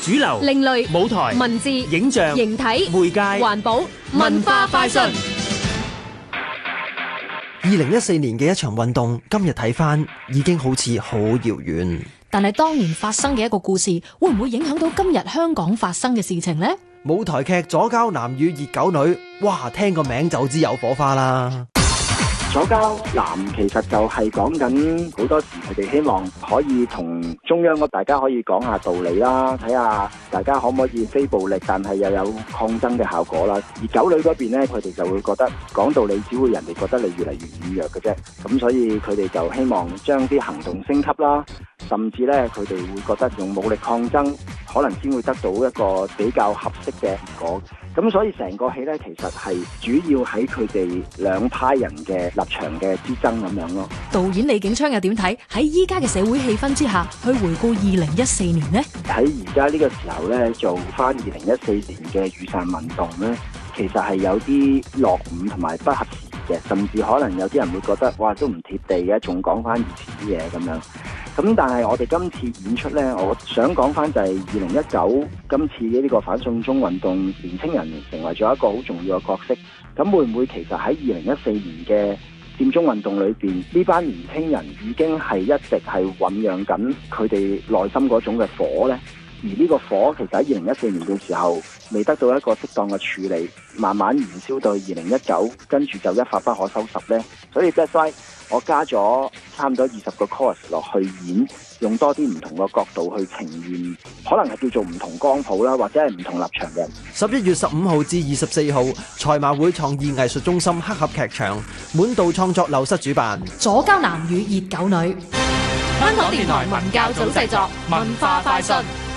主流、另類、舞台、文字、影像、形體、媒介、環保、文化、快訊。二零一四年嘅一場運動，今日睇返已經好似好遙遠。但係當年發生嘅一個故事，會唔會影響到今日香港發生嘅事情呢？舞台劇《左膠男與熱狗女》，哇，聽個名就知有火花啦！左交南其實就係講緊好多時，佢哋希望可以同中央，大家可以講下道理啦，睇下大家可唔可以非暴力，但係又有抗爭嘅效果啦。而狗女嗰邊咧，佢哋就會覺得講道理只會人哋覺得你越嚟越軟弱嘅啫，咁所以佢哋就希望將啲行動升級啦，甚至咧佢哋會覺得用武力抗爭。可能先會得到一個比較合適嘅結果，咁所以成個戲呢，其實係主要喺佢哋兩派人嘅立場嘅之爭咁樣咯。導演李景昌又點睇喺依家嘅社會氣氛之下，去回顧二零一四年呢？喺而家呢個時候呢，做翻二零一四年嘅雨傘運動呢，其實係有啲落伍同埋不合時嘅，甚至可能有啲人會覺得，哇，都唔貼地嘅，仲講翻以前啲嘢咁樣。咁但係我哋今次演出呢，我想講翻就係二零一九今次呢個反送中運動，年青人成為咗一個好重要嘅角色。咁會唔會其實喺二零一四年嘅佔中運動裏面，呢班年青人已經係一直係醖釀緊佢哋內心嗰種嘅火呢？而呢個火其實喺二零一四年嘅時候未得到一個適當嘅處理，慢慢燃燒到二零一九，跟住就一發不可收拾呢。所以 that's why 我加咗。差唔多二十個 course 落去演，用多啲唔同嘅角度去呈現，可能係叫做唔同光譜啦，或者係唔同立場嘅。十一月十五號至二十四號，賽馬會創意藝術中心黑盒劇場，滿道創作樓室主辦《左膠男與熱狗女》，香港電台文教組製作，文化快訊。